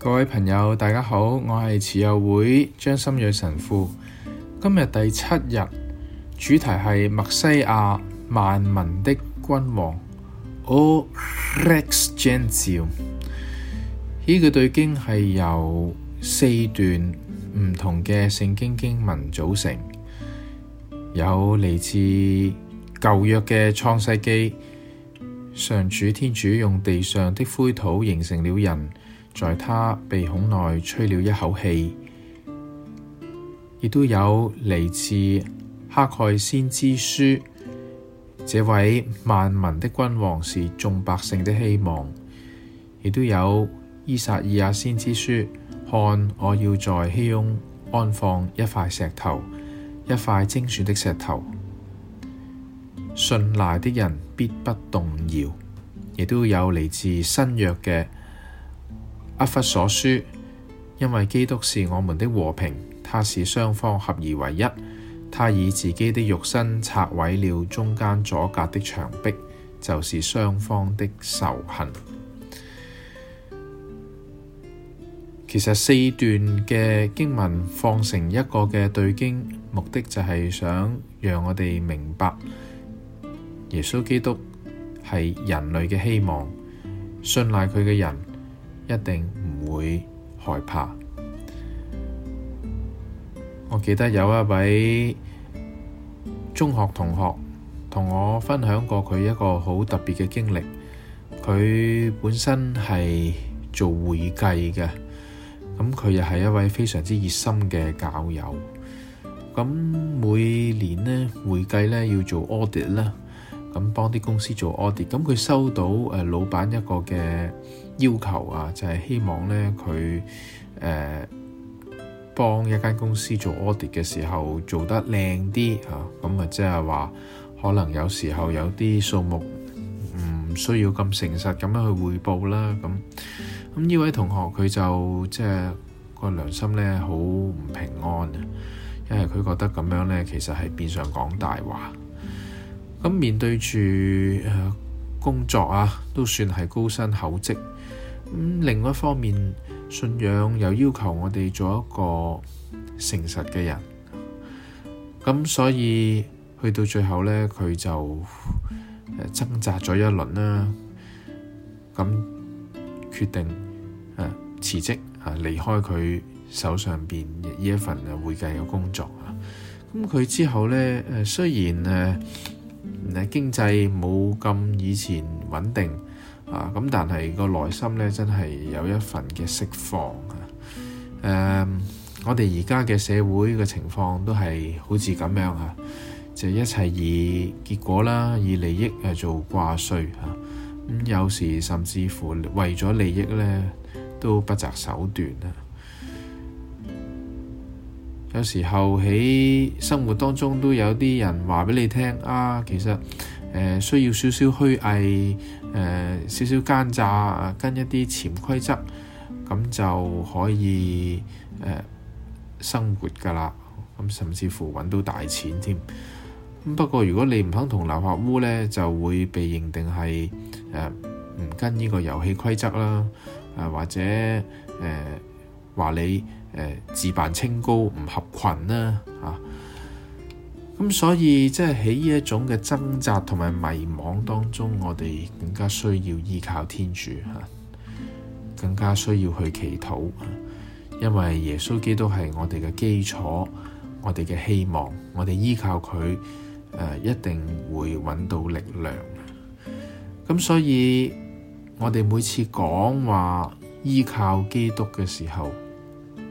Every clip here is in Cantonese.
各位朋友，大家好，我係慈幼會張心銳神父。今日第七日，主題係默西亞，萬民的君王。O Rex Gentium。呢個對經係由四段唔同嘅聖經經文組成，有嚟自舊約嘅創世紀，上主天主用地上的灰土形成了人。在他鼻孔內吹了一口氣，亦都有嚟自哈蓋先知書，這位萬民的君王是眾百姓的希望，亦都有依撒意亞先知書，看我要在熙雍安放一塊石頭，一塊精選的石頭，信賴的人必不動搖，亦都有嚟自新約嘅。厄弗所書，因為基督是我們的和平，他是雙方合而為一，他以自己的肉身拆毀了中間阻隔的牆壁，就是雙方的仇恨。其實四段嘅經文放成一個嘅對經，目的就係想讓我哋明白耶穌基督係人類嘅希望，信賴佢嘅人。一定唔會害怕。我記得有一位中學同學同我分享過佢一個好特別嘅經歷。佢本身係做會計嘅，咁佢又係一位非常之熱心嘅教友。咁每年呢，會計呢要做 audit 啦，咁幫啲公司做 audit。咁佢收到誒老闆一個嘅。要求啊，就係希望呢，佢誒幫一間公司做 audit 嘅時候做得靚啲吓，咁啊即係話可能有時候有啲數目唔需要咁誠實咁樣去匯報啦。咁咁呢位同學佢就即係個良心呢好唔平安，因為佢覺得咁樣呢其實係變相講大話，咁面對住誒。工作啊，都算係高薪厚職。咁、嗯、另一方面，信仰又要求我哋做一個誠實嘅人。咁、嗯、所以去到最後呢，佢就誒、呃、掙扎咗一輪啦。咁、啊、決定誒、啊、辭職啊，離開佢手上邊呢一份嘅會計嘅工作。咁、啊、佢、嗯、之後呢，誒，雖然誒。啊誒經濟冇咁以前穩定啊，咁但係個內心咧真係有一份嘅釋放啊！誒，我哋而家嘅社會嘅情況都係好似咁樣啊，就一切以結果啦，以利益去做掛帥啊！咁有時甚至乎為咗利益呢，都不擇手段啊！有時候喺生活當中都有啲人話俾你聽啊，其實誒、呃、需要少少虛偽，誒、呃、少少奸詐，跟一啲潛規則，咁就可以誒、呃、生活㗎啦。咁甚至乎揾到大錢添。咁不過如果你唔肯同流合污咧，就會被認定係誒唔跟呢個遊戲規則啦，誒、呃、或者誒、呃話你誒、呃、自命清高唔合群啦、啊、吓、啊、咁所以即係喺呢一種嘅掙扎同埋迷惘當中，我哋更加需要依靠天主吓、啊，更加需要去祈禱，啊、因為耶穌基督係我哋嘅基礎，我哋嘅希望，我哋依靠佢誒、啊，一定會揾到力量。咁所以我哋每次講話依靠基督嘅時候，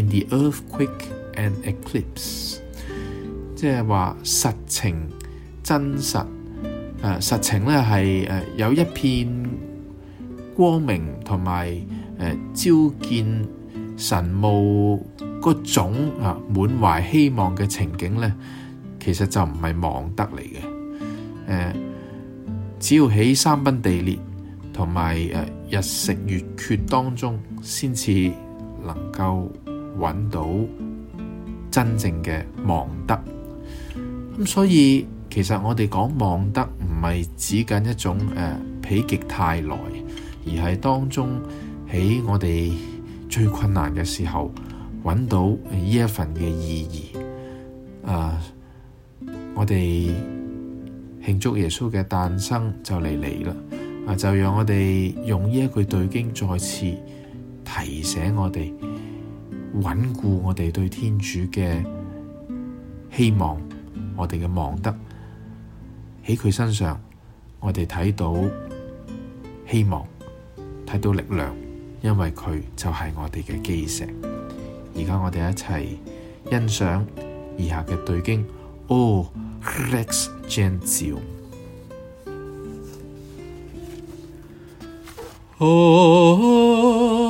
In the earthquake and eclipse，即係話實情真實誒，實情咧係誒，有一片光明同埋，誒、朝、呃、見神霧嗰種啊，滿懷希望嘅情景咧，其實就唔係望德嚟嘅。誒，只要喺山崩地裂同埋誒日食月缺當中，先至能夠。搵到真正嘅望德，咁、嗯、所以其實我哋講望德唔係指緊一種誒否極泰來，而係當中喺我哋最困難嘅時候搵到呢一份嘅意義。啊、呃。我哋慶祝耶穌嘅誕生就嚟嚟啦，啊，就讓我哋用呢一句對經再次提醒我哋，穩固我哋對天主嘅希望，我哋嘅望德。喺佢身上，我哋睇到希望，睇到力量，因為佢就係我哋嘅基石。而家我哋一齊欣賞以下嘅對經。哦，Rex Gentium。哦。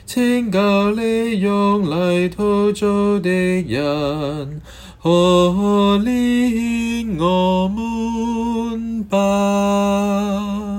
請教你用泥土做的人，可憐我們吧。